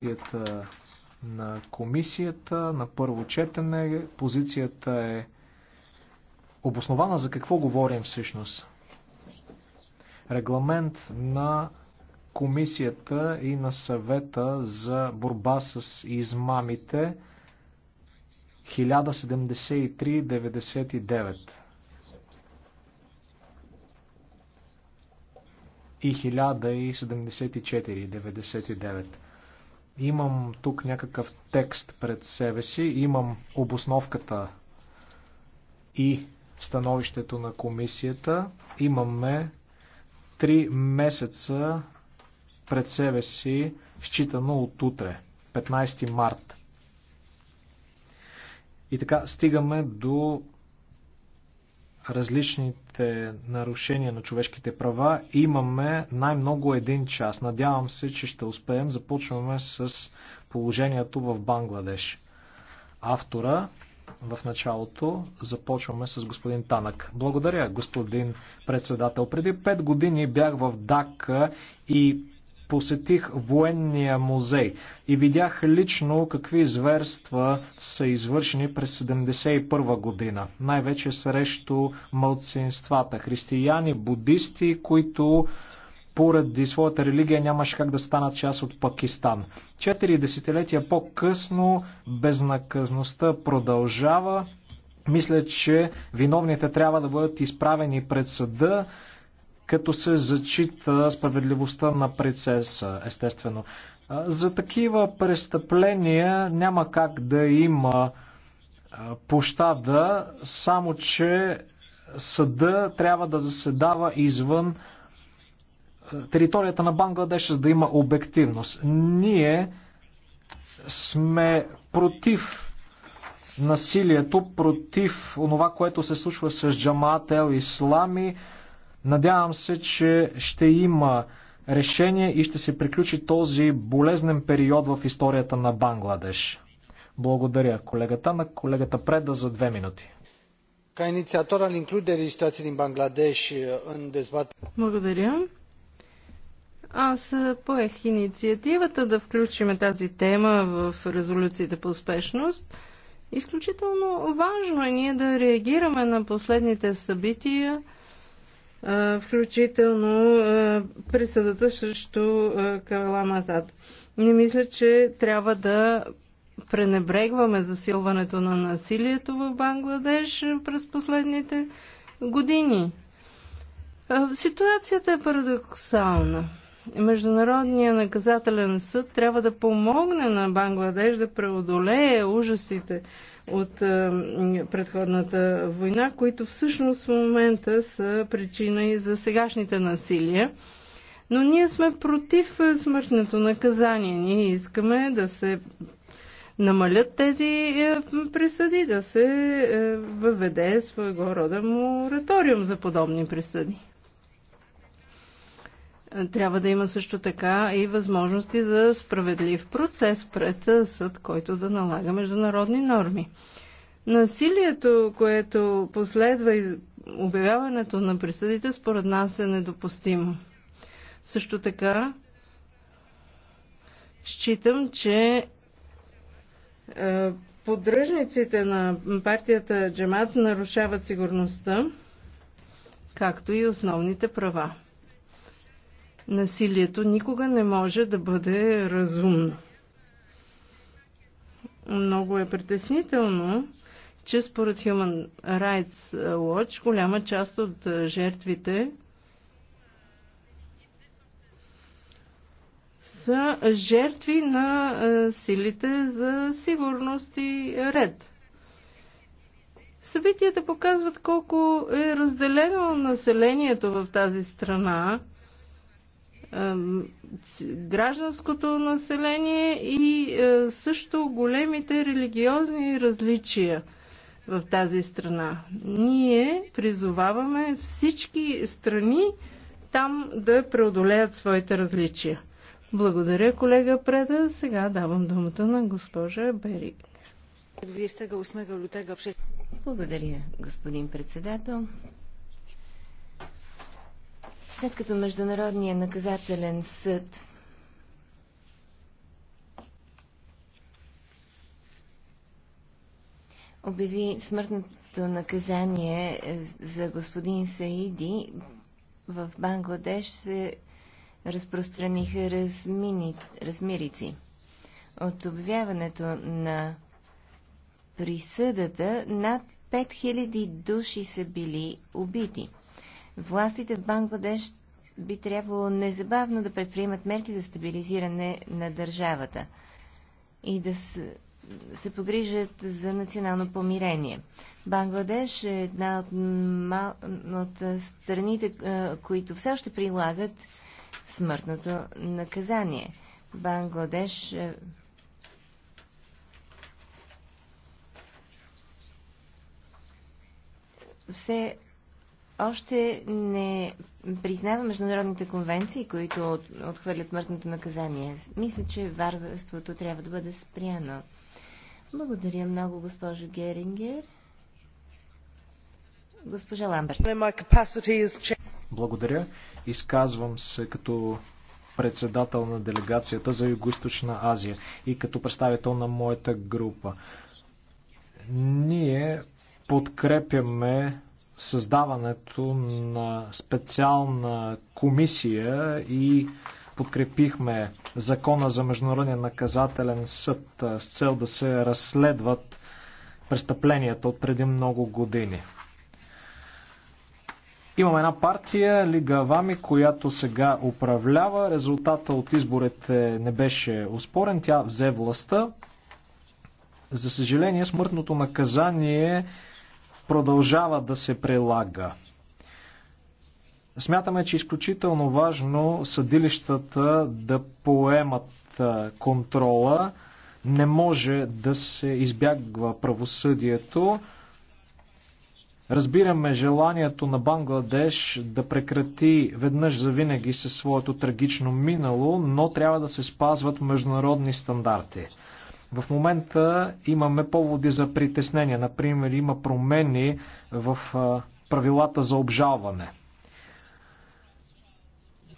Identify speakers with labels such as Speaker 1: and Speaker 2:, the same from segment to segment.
Speaker 1: позицията на комисията на първо четене. Позицията е обоснована за какво говорим всъщност. Регламент на комисията и на съвета за борба с измамите 1073-99 и 1074-99. Имам тук някакъв текст пред себе си, имам обосновката и становището на комисията. Имаме три месеца пред себе си, считано от утре, 15 март. И така стигаме до различните нарушения на човешките права. Имаме най-много един час. Надявам се, че ще успеем. Започваме с положението в Бангладеш. Автора в началото започваме с господин Танък. Благодаря, господин председател. Преди 5 години бях в ДАК и посетих военния музей и видях лично какви зверства са извършени през 1971 година, най-вече срещу мълцинствата, християни, будисти, които поради своята религия нямаше как да станат част от Пакистан. Четири десетилетия по-късно безнаказността продължава. Мисля, че виновните трябва да бъдат изправени пред съда като се зачита справедливостта на процеса, естествено. За такива престъпления няма как да има пощада, само че съда трябва да заседава извън територията на Бангладеш, за да има обективност. Ние сме против насилието, против онова, което се случва с Джамаат Ел Ислами, Надявам се, че ще има решение и ще се приключи този болезнен период в историята на Бангладеш. Благодаря колегата на колегата Преда за две минути. Ca inițiator al includerii situației din Bangladesh uh, în dezbatere.
Speaker 2: Благодаря. Аз uh, поех инициативата да включим тази тема в резолюциите по успешност. Изключително важно е ние да реагираме на последните събития – включително присъдата срещу Кавела Мазад. Не мисля, че трябва да пренебрегваме засилването на насилието в Бангладеш през последните години. Ситуацията е парадоксална. Международният наказателен съд трябва да помогне на Бангладеш да преодолее ужасите от е, предходната война, които всъщност в момента са причина и за сегашните насилия. Но ние сме против е, смъртното наказание. Ние искаме да се намалят тези е, присъди, да се въведе своего рода мораториум за подобни присъди. Трябва да има също така и възможности за справедлив процес пред съд, който да налага международни норми. Насилието, което последва и обявяването на присъдите, според нас е недопустимо. Също така, считам, че поддръжниците на партията Джамат нарушават сигурността, както и основните права насилието никога не може да бъде разумно. Много е притеснително, че според Human Rights Watch голяма част от жертвите са жертви на силите за сигурност и ред. Събитията показват колко е разделено населението в тази страна гражданското население и е, също големите религиозни различия в тази страна. Ние призоваваме всички страни там да преодолеят своите различия. Благодаря, колега Преда. Сега
Speaker 3: давам думата на госпожа Берик. Благодаря, господин председател. След като Международния наказателен съд обяви смъртното наказание за господин Саиди, в Бангладеш се разпространиха размини, размирици. От обявяването на присъдата над 5000 души са били убити. Властите в Бангладеш би трябвало незабавно да предприемат мерки за стабилизиране на държавата и да се, погрижат за национално помирение. Бангладеш е една от, мал... от страните, които все още прилагат смъртното наказание. Бангладеш все още не признава международните конвенции, които отхвърлят смъртното наказание. Мисля, че варварството трябва да бъде спряно. Благодаря много, госпожо Герингер.
Speaker 1: Госпожа Ламберт. Благодаря. Изказвам се като председател на делегацията за юго Азия и като представител на моята група. Ние подкрепяме създаването на специална комисия и подкрепихме закона за Международния наказателен съд с цел да се разследват престъпленията от преди много години. Имаме една партия, Лига Вами, която сега управлява. Резултата от изборите не беше успорен. Тя взе властта. За съжаление, смъртното наказание продължава да се прилага. Смятаме, че е изключително важно съдилищата да поемат контрола. Не може да се избягва правосъдието. Разбираме желанието на Бангладеш да прекрати веднъж за винаги със своето трагично минало, но трябва да се спазват международни стандарти. В момента имаме поводи за притеснение. Например, има промени в правилата за обжалване.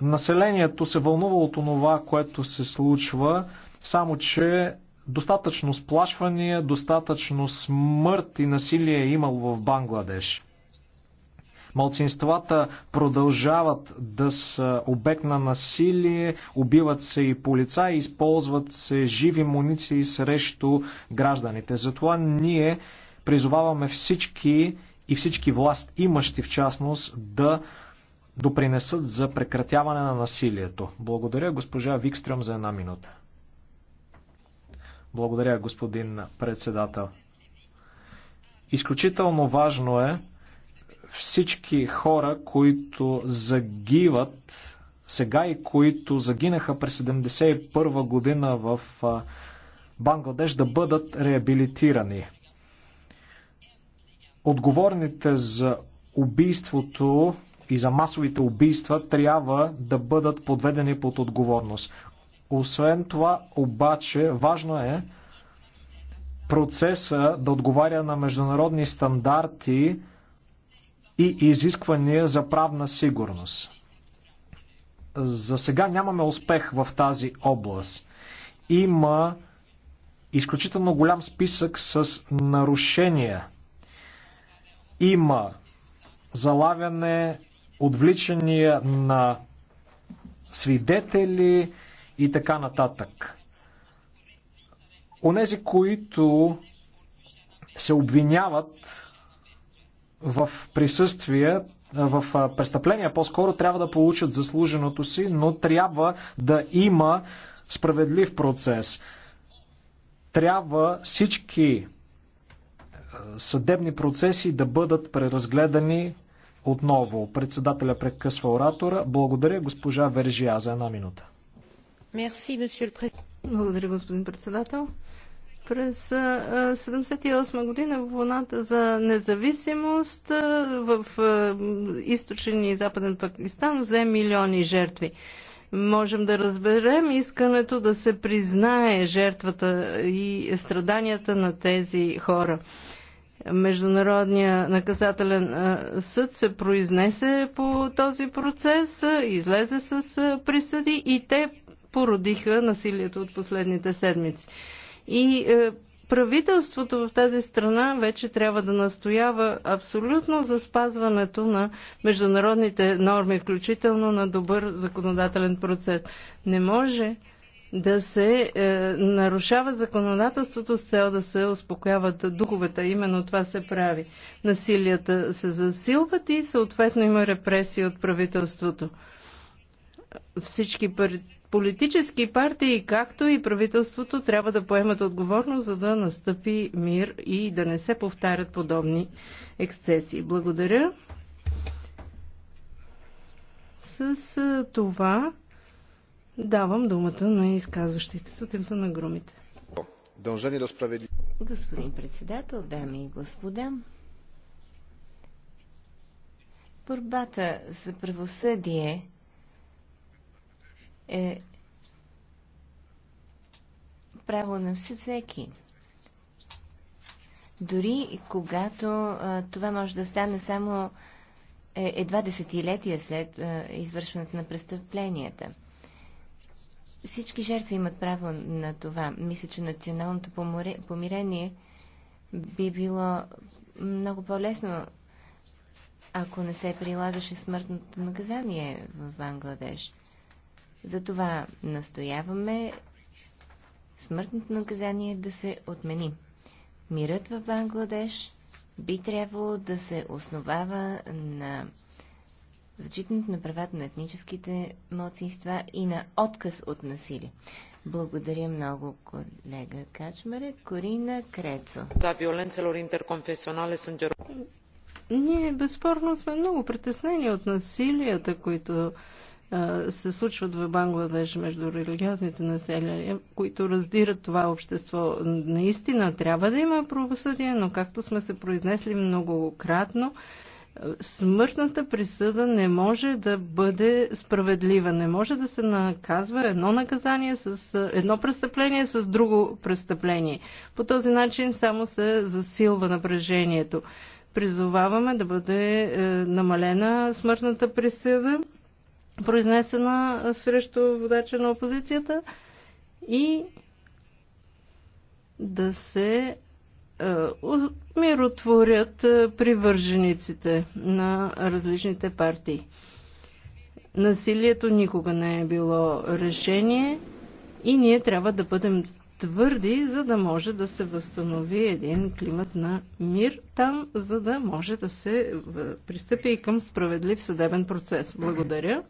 Speaker 1: Населението се вълнува от това, което се случва, само че достатъчно сплашвания, достатъчно смърт и насилие е имало в Бангладеш. Малцинствата продължават да са обект на насилие, убиват се и полицаи, използват се живи муниции срещу гражданите. Затова ние призоваваме всички и всички власт имащи в частност да допринесат за прекратяване на насилието. Благодаря госпожа Викстрем за една минута. Благодаря господин председател. Изключително важно е всички хора, които загиват сега и които загинаха през 71-а година в Бангладеш да бъдат реабилитирани. Отговорните за убийството и за масовите убийства трябва да бъдат подведени под отговорност. Освен това, обаче, важно е процеса да отговаря на международни стандарти, и изисквания за правна сигурност. За сега нямаме успех в тази област. Има изключително голям списък с нарушения. Има залавяне, отвличания на свидетели и така нататък. Онези, които се обвиняват в присъствие, в престъпления по-скоро трябва да получат заслуженото си, но трябва да има справедлив процес. Трябва всички съдебни процеси да бъдат преразгледани отново. Председателя прекъсва оратора. Благодаря госпожа Вержия за една минута.
Speaker 2: Благодаря, господин председател. През 1978 година в вълната за независимост в източен и западен Пакистан взе милиони жертви. Можем да разберем искането да се признае жертвата и страданията на тези хора. Международния наказателен съд се произнесе по този процес, излезе с присъди и те породиха насилието от последните седмици. И е, правителството в тази страна вече трябва да настоява абсолютно за спазването на международните норми, включително на добър законодателен процес. Не може да се е, нарушава законодателството с цел да се успокояват духовете. Именно това се прави. Насилията се засилват и съответно има репресии от правителството. Всички пари Политически партии, както и правителството, трябва да поемат отговорност, за да настъпи мир и да не се повтарят подобни ексцесии. Благодаря. С това давам думата на изказващите с отимто на грумите.
Speaker 1: Дължение до справедливост.
Speaker 3: Господин председател, дами и господа, борбата за правосъдие – е право на всеки. Дори когато а, това може да стане само е, едва десетилетия след а, извършването на престъпленията. Всички жертви имат право на това. Мисля, че националното помирение би било много по-лесно, ако не се прилагаше смъртното наказание в Бангладеш. Затова настояваме смъртното наказание да се отмени. Мирът в Бангладеш би трябвало да се основава на зачитането на правата на етническите младсинства и на отказ от насилие. Благодаря много, колега Качмаре. Корина Крецо. Да, виоленцелор интерконфесионале сънгеро.
Speaker 2: Ние безспорно сме много притеснени от насилията, които се случват в Бангладеш между религиозните населения, които раздират това общество. Наистина трябва да има правосъдие, но както сме се произнесли многократно, смъртната присъда не може да бъде справедлива. Не може да се наказва едно наказание с едно престъпление с друго престъпление. По този начин само се засилва напрежението. Призоваваме да бъде е, намалена смъртната присъда произнесена срещу водача на опозицията и да се е, миротворят е, привържениците на различните партии. Насилието никога не е било решение и ние трябва да бъдем твърди, за да може да се възстанови един климат на мир там, за да може да се пристъпи и към справедлив съдебен процес. Благодаря.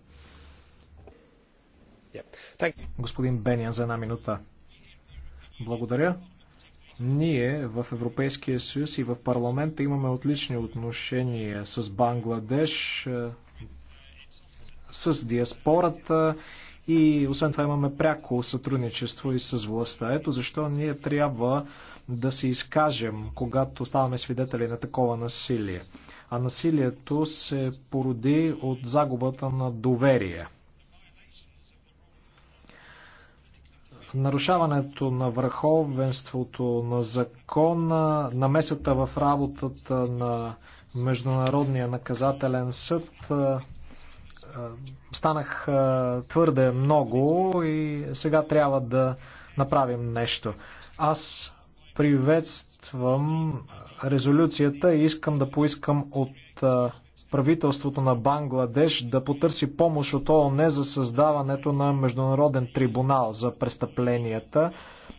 Speaker 1: Господин Бениан за една минута. Благодаря. Ние в Европейския съюз и в парламента имаме отлични отношения с Бангладеш, е, с диаспората и освен това имаме пряко сътрудничество и с властта. Ето защо ние трябва да се изкажем, когато ставаме свидетели на такова насилие. А насилието се породи от загубата на доверие – нарушаването на върховенството на закона, намесата в работата на Международния наказателен съд станах твърде много и сега трябва да направим нещо. Аз приветствам резолюцията и искам да поискам от правителството на Бангладеш да потърси помощ от ООН за създаването на Международен трибунал за престъпленията.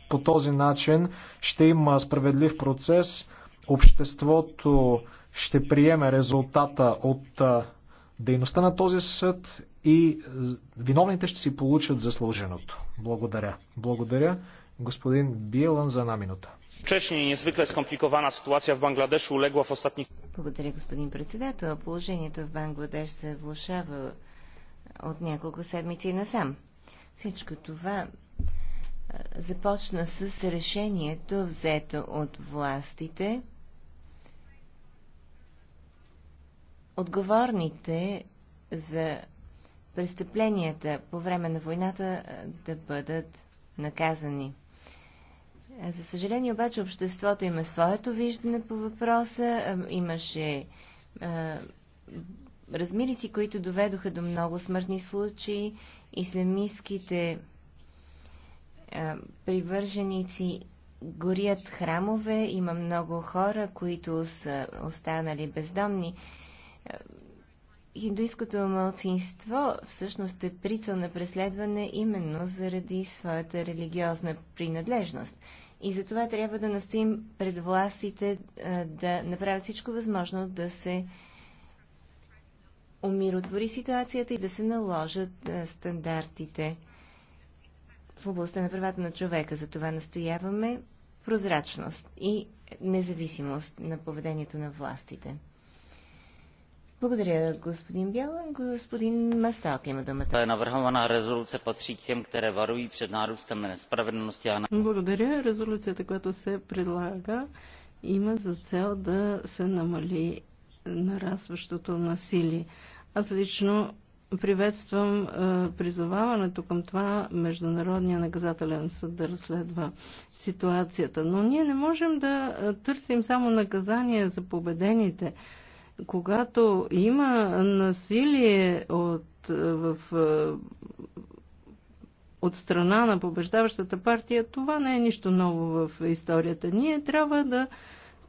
Speaker 1: По този начин ще има справедлив процес, обществото ще приеме резултата от дейността на този съд и виновните ще си получат заслуженото. Благодаря. Благодаря, господин Биелан, за една минута. Wcześniej niezwykle skomplikowana sytuacja w Bangladeszu uległa w ostatnich...
Speaker 3: Благодаря, господин председател. Положението в Бангладеш се влушава от няколко седмици насам. Всичко това е, започна с решението, взето от властите. Отговорните за престъпленията по време на войната е, да бъдат наказани – за съжаление обаче обществото има своето виждане по въпроса. Имаше а, размирици, които доведоха до много смъртни случаи. Исламистските привърженици горят храмове. Има много хора, които са останали бездомни индуистското малцинство всъщност е прицел на преследване именно заради своята религиозна принадлежност. И за това трябва да настоим пред властите да направят всичко възможно да се умиротвори ситуацията и да се наложат стандартите в областта на правата на човека. За това настояваме прозрачност и независимост на поведението на властите. Благодаря, господин Бялан. Господин Масталка има думата. Е навърхована резолюция патри тем, které варуи před nárůstem несправедливости. Благодаря.
Speaker 2: Резолюцията, която се предлага, има за цел да се намали нарастващото насилие. Аз лично приветствам е, призоваването към това Международния наказателен съд да разследва ситуацията. Но ние не можем да е, търсим само наказание за победените. Когато има насилие от, е, в, е, от страна на побеждаващата партия, това не е нищо ново в историята. Ние трябва да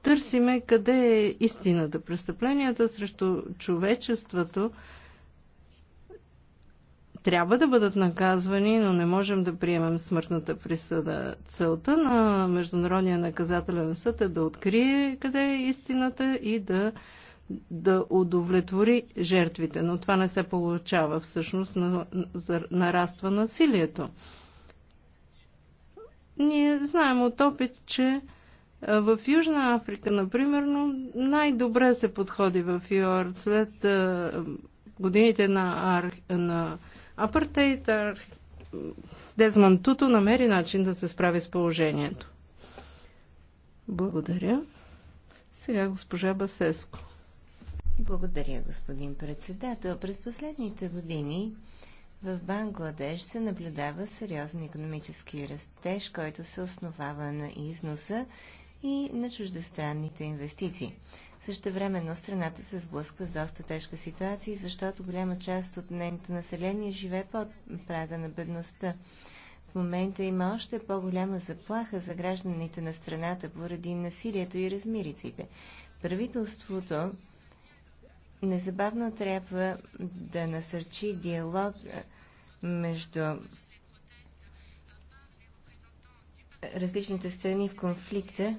Speaker 2: търсиме къде е истината. Престъпленията срещу човечеството трябва да бъдат наказвани, но не можем да приемем смъртната присъда. Целта на Международния наказателен съд е да открие къде е истината и да да удовлетвори жертвите, но това не се получава. Всъщност нараства насилието. Ние знаем от опит, че в Южна Африка, например, най-добре се подходи в ЮАР след годините на, ар... на апартеид. ар... Дезман Туто намери начин да се справи с положението. Благодаря.
Speaker 3: Сега госпожа Басеско. Благодаря, господин председател. През последните години в Бангладеш се наблюдава сериозен економически растеж, който се основава на износа и на чуждестранните инвестиции. Същевременно страната се сблъсква с доста тежка ситуация, защото голяма част от нейното население живее под прага на бедността. В момента има още по-голяма заплаха за гражданите на страната поради насилието и размириците. Правителството незабавно трябва да насърчи диалог между различните страни в конфликта,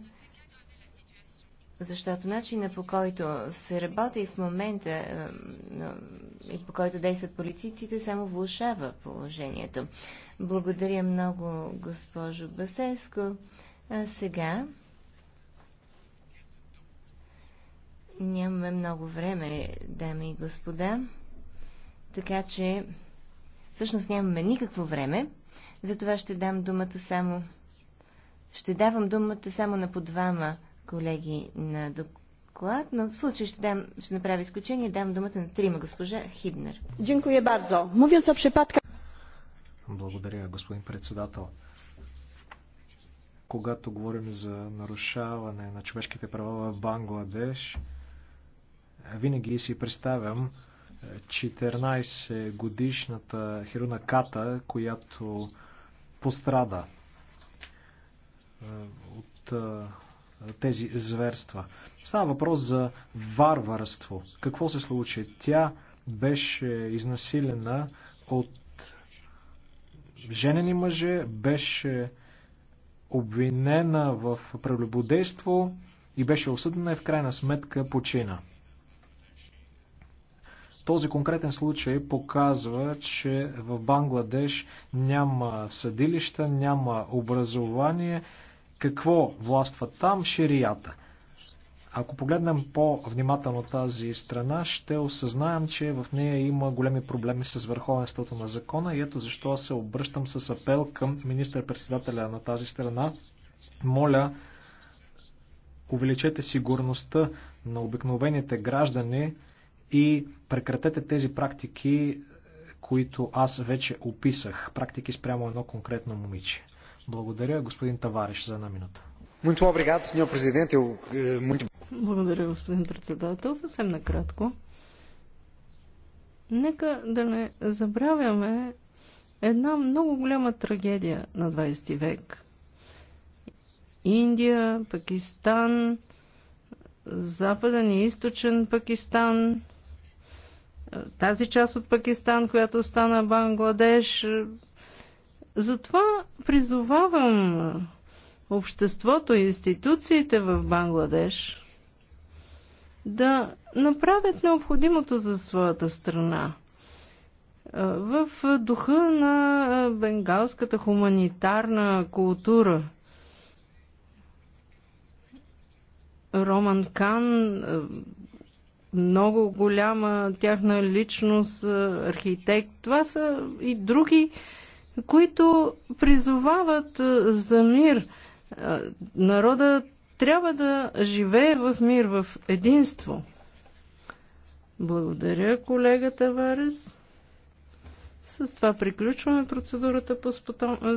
Speaker 3: защото начина по който се работи в момента и по който действат полициците само влушава положението. Благодаря много, госпожо Басеско. А сега Нямаме много време, дами и господа, така че всъщност нямаме никакво време, затова ще дам думата само... Ще давам думата само на по двама колеги на доклад, но в случай ще, дам, ще направя изключение, дам думата на трима госпожа Хибнер. Дякую бардзо. Mówiąc o przypadkach...
Speaker 1: Благодаря, господин председател когато говорим за нарушаване на човешките права в Бангладеш, винаги си представям 14 е, годишната Хируна Ката, която пострада е, от е, тези зверства. Става въпрос за варварство. Какво се случи? Тя беше изнасилена от женени мъже, беше обвинена в прелюбодейство и беше осъдена и в крайна сметка почина. Този конкретен случай показва, че в Бангладеш няма съдилища, няма образование. Какво властва там? Ширията. Ако погледнем по-внимателно тази страна, ще осъзнаем, че в нея има големи проблеми с върховенството на закона и ето защо аз се обръщам с апел към министър-председателя на тази страна. Моля, увеличете сигурността на обикновените граждани, и прекратете тези практики, които аз вече описах. Практики спрямо едно конкретно момиче. Благодаря, господин Тавариш, за една минута. Е,
Speaker 2: Благодаря, господин председател. Съвсем накратко. Нека да не забравяме една много голяма трагедия на 20 век. Индия, Пакистан, Западен и Източен Пакистан, тази част от Пакистан, която стана Бангладеш. Затова призовавам обществото и институциите в Бангладеш да направят необходимото за своята страна. В духа на бенгалската хуманитарна култура. Роман Кан много голяма тяхна личност, е, архитект. Това са и други, които призовават е, за мир. Е, народа трябва да живее в мир, в единство. Благодаря, колегата Варес. С това приключваме процедурата по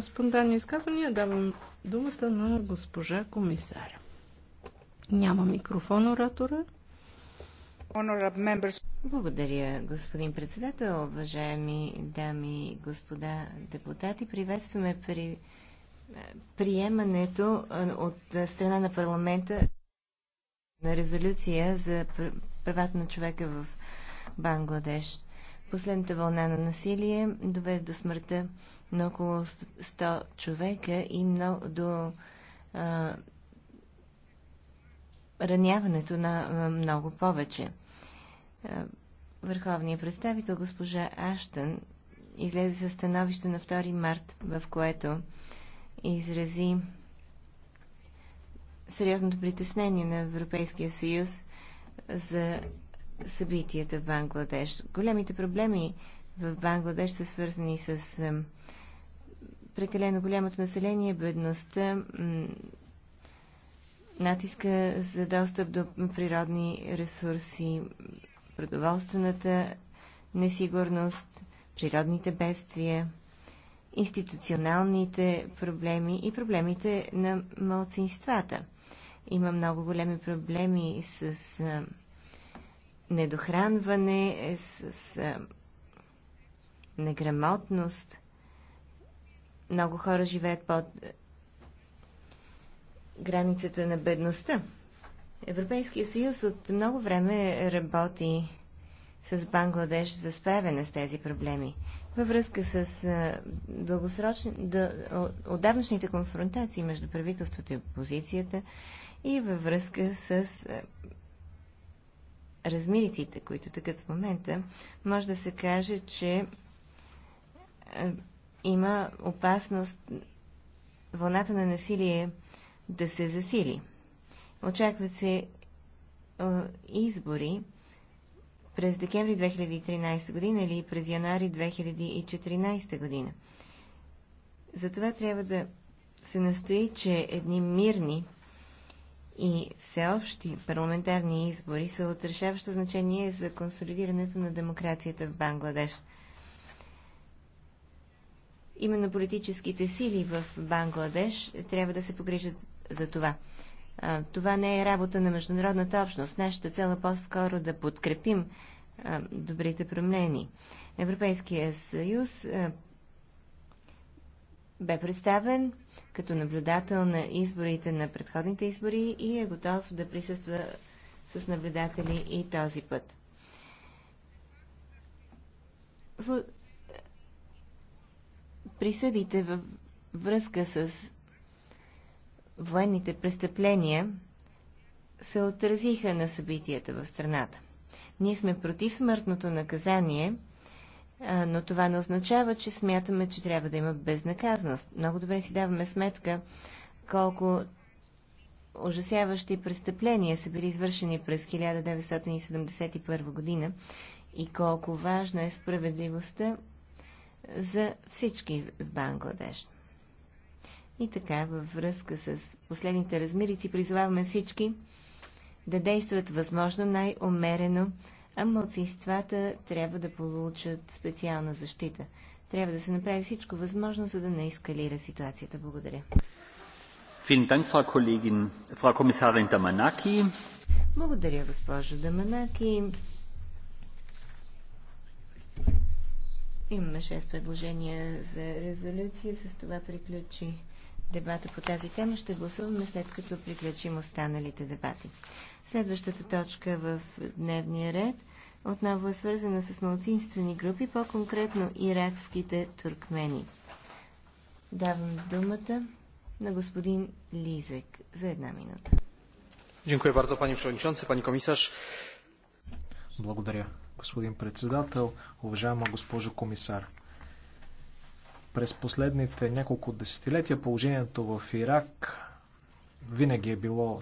Speaker 2: спонтанни изказвания. Давам думата на
Speaker 3: госпожа комисаря.
Speaker 2: Няма микрофон оратора.
Speaker 3: Благодаря, господин председател. Уважаеми дами и господа депутати, приветстваме при е, приемането е, от е, страна на парламента на резолюция за правата на човека в Бангладеш. Последната вълна на насилие доведе до смъртта на около 100 човека и много, до а, раняването на много повече. Върховният представител госпожа Аштън излезе със становище на 2 март, в което изрази сериозното притеснение на Европейския съюз за събитията в Бангладеш. Големите проблеми в Бангладеш са свързани с прекалено голямото население, бедността, натиска за достъп до природни ресурси, продоволствената несигурност, природните бедствия, институционалните проблеми и проблемите на малцинствата. Има много големи проблеми с недохранване, с неграмотност. Много хора живеят под границата на бедността. Европейския съюз от много време работи с Бангладеш за справяне с тези проблеми. Във връзка с дългосрочни, да, отдавнашните конфронтации между правителството и опозицията и във връзка с размириците, които такът в момента, може да се каже, че има опасност вълната на насилие да се засили. Очакват се избори през декември 2013 година или през януари 2014 година. Затова трябва да се настои, че едни мирни и всеобщи парламентарни избори са от решаващо значение за консолидирането на демокрацията в Бангладеш. Именно политическите сили в Бангладеш трябва да се погрижат за това. А, това не е работа на международната общност. Нашата цел е по-скоро да подкрепим а, добрите промени. Европейския съюз а, бе представен като наблюдател на изборите на предходните избори и е готов да присъства с наблюдатели и този път. Присъдите във връзка с военните престъпления се отразиха на събитията в страната. Ние сме против смъртното наказание, но това не означава, че смятаме, че трябва да има безнаказаност. Много добре си даваме сметка колко ужасяващи престъпления са били извършени през 1971 година и колко важна е справедливостта за всички в Бангладеш. И така, във връзка с последните размерици, призоваваме всички да действат възможно най-умерено, а младсинствата трябва да получат специална защита. Трябва да се направи всичко възможно, за да не ескалира ситуацията. Благодаря. Благодаря, госпожо Даманаки. Имаме шест предложения за резолюция. С това приключи дебата по тази тема. Ще гласуваме след като приключим останалите дебати. Следващата точка в дневния ред отново е свързана с малцинствени групи, по-конкретно иракските туркмени. Давам думата на господин Лизек за една минута.
Speaker 1: Dziękuję bardzo, Благодаря, господин председател, уважаема госпожо комисар. През последните няколко десетилетия положението в Ирак винаги е било